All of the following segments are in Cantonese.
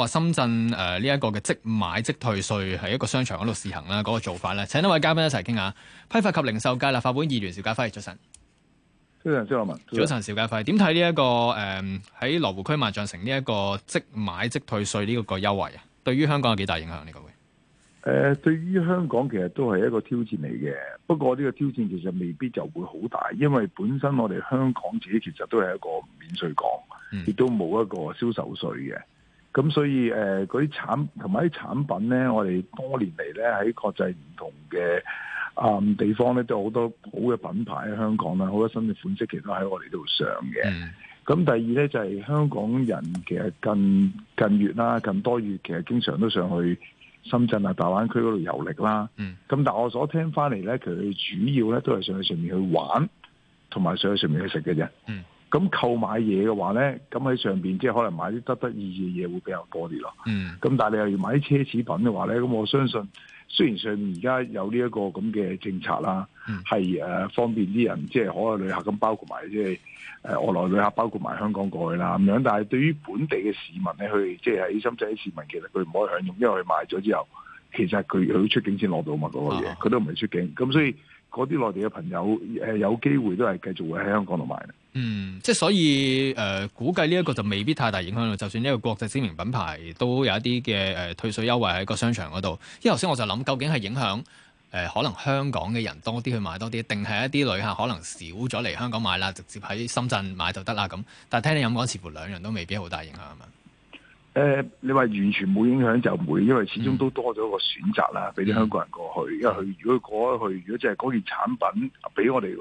話深圳誒呢一個嘅即買即退稅係一個商場嗰度試行啦，嗰、那個做法咧，請一位嘉賓一齊傾下。批發及零售界立法會議員邵家輝，早晨。早晨。邵家輝，點睇呢一個誒喺羅湖區萬象城呢一個即買即退稅呢一個優惠啊？對於香港有幾大影響呢個？誒、呃，對於香港其實都係一個挑戰嚟嘅，不過呢個挑戰其實未必就會好大，因為本身我哋香港自己其實都係一個免稅港，亦、嗯、都冇一個銷售稅嘅。咁所以誒，嗰啲產同埋啲產品咧，我哋多年嚟咧喺國際唔同嘅啊、嗯、地方咧，都有好多好嘅品牌喺香港啦，好多新嘅款式的，其實都喺我哋度上嘅。咁第二咧就係、是、香港人其實近近月啦，近多月其實經常都上去深圳啊、大灣區嗰度遊歷啦。咁、嗯、但係我所聽翻嚟咧，其實主要咧都係上去上面去玩，同埋上去上面去食嘅啫。嗯咁購買嘢嘅話咧，咁喺上面即係可能買啲得得意嘅嘢會比較多啲咯。嗯。咁但係你又要買啲奢侈品嘅話咧，咁我相信雖然上面而家有呢一個咁嘅政策啦，係、mm. 啊、方便啲人，即、就、係、是、海外旅客咁，包括埋即係誒外來旅客，包括埋香港過去啦咁樣。Mm. 但係對於本地嘅市民咧，佢即係喺深圳嘅市民，其實佢唔可以享用，因為佢買咗之後，其實佢要出境先攞到嘛。嗰個嘢，佢都唔係出境，咁所以。嗰啲內地嘅朋友誒，有機會都係繼續會喺香港度買嘅，嗯，即係所以誒、呃、估計呢一個就未必太大影響啦。就算一個國際知名品牌都有一啲嘅誒退稅優惠喺個商場嗰度，因為頭先我就諗究竟係影響誒、呃、可能香港嘅人多啲去買多啲，定係一啲旅客可能少咗嚟香港買啦，直接喺深圳買就得啦。咁但係聽你咁講，似乎兩樣都未必好大影響啊。誒、呃，你話完全冇影響就唔會，因為始終都多咗一個選擇啦，俾啲香港人過去。因為佢如果過咗去，如果即係嗰件產品俾我哋。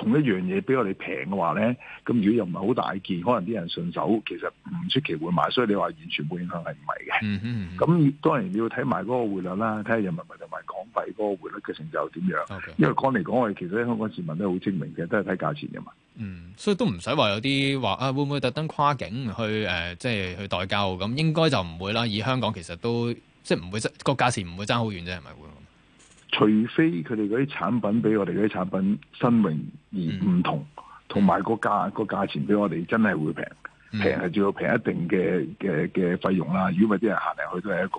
同一樣嘢俾我哋平嘅話咧，咁如果又唔係好大件，可能啲人順手，其實唔出奇會買。所以你話完全冇影響係唔係嘅？咁、嗯嗯、當然你要睇埋嗰個匯率啦，睇下人民幣同埋港幣嗰個匯率嘅成就點樣。Okay. 因為講嚟講去，其實香港市民都好精明嘅，都係睇價錢嘅嘛。嗯，所以都唔使話有啲話啊，會唔會特登跨境去誒、呃，即係去代交咁？應該就唔會啦。以香港其實都即係唔會爭個價錢差，唔會爭好遠啫，係咪會？除非佢哋嗰啲產品比我哋嗰啲產品新穎而唔同，同、嗯、埋個價、個價錢比我哋真係會平，平係仲要平一定嘅嘅嘅費用啦。如果唔係啲人行嚟去都係一個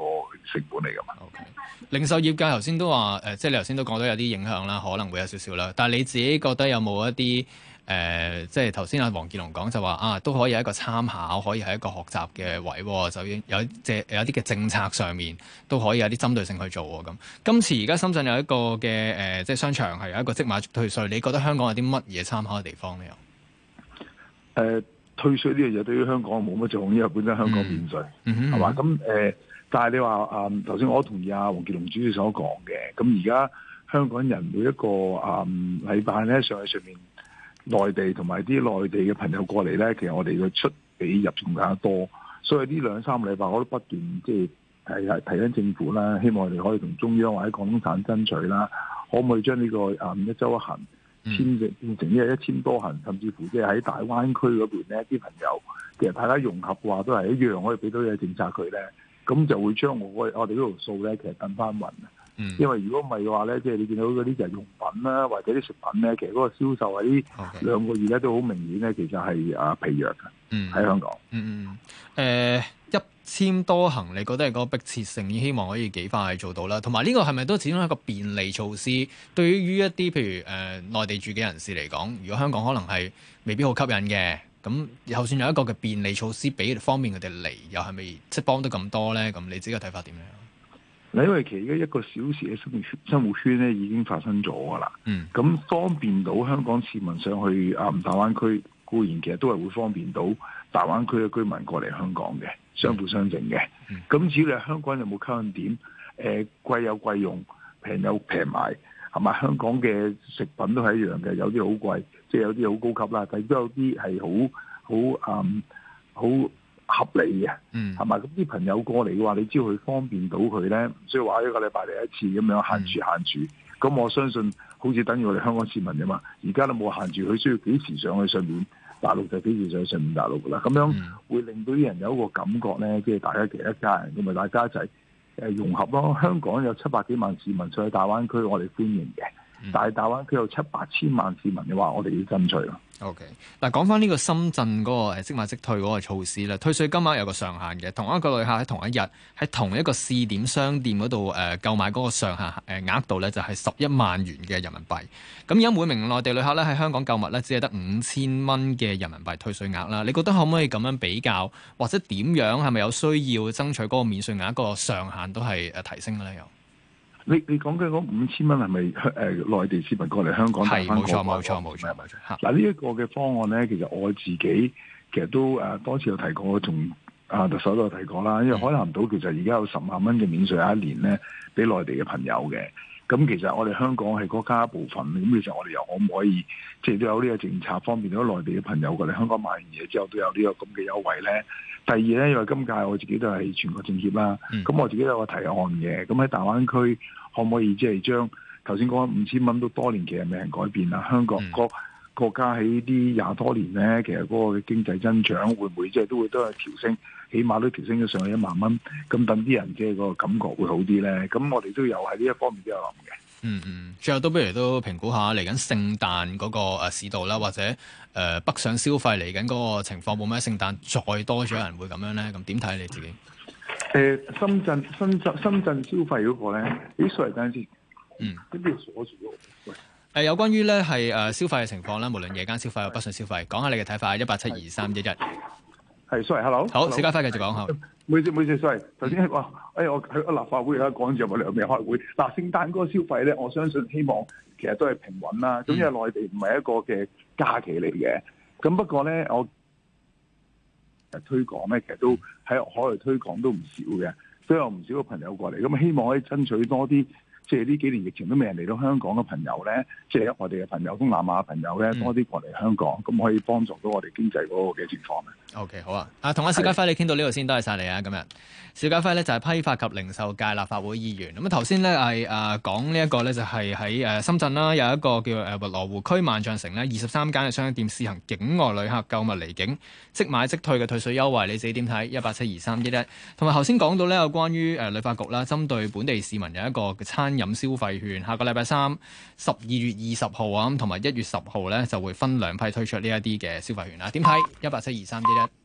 成本嚟噶嘛。Okay. 零售業界頭先都話，誒、呃，即係你頭先都講到有啲影響啦，可能會有少少啦。但係你自己覺得有冇一啲？誒、呃，即係頭先阿黃建龍講就話啊，都可以有一個參考，可以係一個學習嘅位，就應有即係有啲嘅政策上面都可以有啲針對性去做喎。咁今次而家深圳有一個嘅誒、呃，即係商場係有一個即買即退稅，你覺得香港有啲乜嘢參考嘅地方呢？又、呃、誒，退稅呢樣嘢對於香港冇乜作用，因為本身香港免稅，係、嗯、嘛？咁誒、嗯呃，但係你話啊，頭、呃、先我都同意阿黃建龍主席所講嘅，咁而家香港人每一個啊、呃、禮拜咧，上去上面。內地同埋啲內地嘅朋友過嚟咧，其實我哋嘅出比入仲更加多，所以呢兩三個禮拜我都不斷即係提提緊政府啦，希望我哋可以同中央或者廣東省爭取啦，可唔可以將呢個啊一周一行簽證變成一一千多行，甚至乎即係喺大灣區嗰邊咧，啲朋友其實大家融合嘅話都係一樣，可以俾到嘢政策佢咧，咁就會將我我哋呢條數咧，其實跟翻雲嗯、因為如果唔係嘅話呢，即係你見到嗰啲日用品啦，或者啲食品呢，其實嗰個銷售喺兩個月咧都好明顯呢，其實係啊疲弱嘅。嗯，喺香港。嗯嗯誒、嗯呃，一簽多行，你覺得係個迫切性，希望可以幾快做到啦？同埋呢個係咪都始終係一個便利措施？對於一啲譬如誒內、呃、地住嘅人士嚟講，如果香港可能係未必好吸引嘅，咁就算有一個嘅便利措施，俾方便佢哋嚟，又係咪即係幫得咁多呢？咁你自己嘅睇法點樣？你因為其而家一個小時嘅生活圈，生活圈咧已經發生咗噶啦。咁、嗯、方便到香港市民上去啊大灣區，固、呃、然其實都係會方便到大灣區嘅居民過嚟香港嘅，相輔相成嘅。咁、嗯、至於你香港人有冇吸引點，誒、呃、貴有貴用，平有平買，係咪？香港嘅食品都係一樣嘅，有啲好貴，即、就、係、是、有啲好高級啦，但係都有啲係好好啊好。很嗯很合理嘅，係、嗯、嘛？咁啲朋友過嚟嘅話，你只要佢方便到佢咧，唔需要話一個禮拜嚟一次咁樣限住限住。咁、嗯、我相信，好似等於我哋香港市民啫嘛。而家都冇限住佢，佢需要幾時上去上面大陸就幾時上去上面大陸噶啦。咁樣會令到啲人有一個感覺咧，即係大家其實一家人，咁咪大家就係誒融合咯。香港有七百幾萬市民上去大灣區，我哋歡迎嘅。大灣區有七八千萬市民的話，你話我哋要爭取咯。O K，嗱講翻呢個深圳嗰個即買即退嗰個措施咧，退稅金額有一個上限嘅。同一個旅客喺同一日喺同一個試點商店嗰度誒購買嗰個上限誒額度咧，就係十一萬元嘅人民幣。咁而家每名內地旅客咧喺香港購物咧，只係得五千蚊嘅人民幣退稅額啦。你覺得可唔可以咁樣比較，或者點樣係咪有需要爭取嗰個免稅額一個上限都係誒提升咧？又？你你講嘅嗰五千蚊係咪香誒內地市民過嚟香港攤貨？係，冇、那個、錯冇、那個、錯冇錯冇錯。嗱呢一個嘅方案咧，其實我自己其實都誒、啊、多次有提過，仲啊特首都有提過啦。因為海南島其實而家有十萬蚊嘅免稅一年咧，俾內地嘅朋友嘅。咁其實我哋香港係國家部分，咁其實我哋又可唔可以，即係都有呢個政策方便，啲內地嘅朋友過嚟香港買完嘢之後都有呢個咁嘅優惠咧。第二咧，因為今屆我自己都係全國政協啦，咁我自己都有個提案嘅，咁喺大灣區可唔可以即係將頭先講五千蚊都多年其實未能改變啦，香港國家喺呢啲廿多年咧，其實嗰個經濟增長會唔會即係都會都係調升，起碼都調升咗上去一萬蚊，咁等啲人嘅個感覺會好啲咧。咁我哋都有喺呢一方面都有諗嘅。嗯嗯，最後都不如都評估下嚟緊聖誕嗰個市道啦，或者誒、呃、北上消費嚟緊嗰個情況，冇咩會聖誕再多咗人會咁樣咧？咁點睇你自己？誒、呃，深圳深圳深圳消費嗰個咧，誒，等陣先，嗯，跟住鎖住喎。喂誒、欸，有關於咧係誒消費嘅情況啦，無論夜間消費或晚上消費，講下你嘅睇法，一八七二三一一，係 sorry，hello，好，邵家輝繼續講下，唔好意思，唔好意思，sorry，頭先係話，哎呀，我喺立法會喺度講住，我兩面開會，嗱，聖誕嗰個消費咧，我相信希望其實都係平穩啦，咁因為內地唔係一個嘅假期嚟嘅，咁不過咧我誒、嗯、推廣咧，其實都喺海外推廣都唔少嘅，都有唔少嘅朋友過嚟，咁希望可以爭取多啲。即係呢幾年疫情都未人嚟到香港嘅朋友咧，即係我哋嘅朋友東南亞嘅朋友咧、嗯，多啲過嚟香港，咁可以幫助到我哋經濟嗰個嘅情況嘅。OK，好啊，啊，同阿邵家輝你傾到呢度先，多謝晒你啊，今日邵家輝咧就係批發及零售界立法會議員。咁啊頭先咧係啊講呢一個咧就係喺誒深圳啦，有一個叫誒羅湖區萬象城咧，二十三間嘅商店試行境外旅客購物離境即買即退嘅退稅優惠，你自己點睇？一八七二三一一。同埋頭先講到呢，有關於誒旅發局啦，針對本地市民有一個嘅。飲消費券，下個禮拜三，十二月二十號啊，咁同埋一月十號呢，就會分兩批推出呢一啲嘅消費券啦。點睇？一八七二三一一？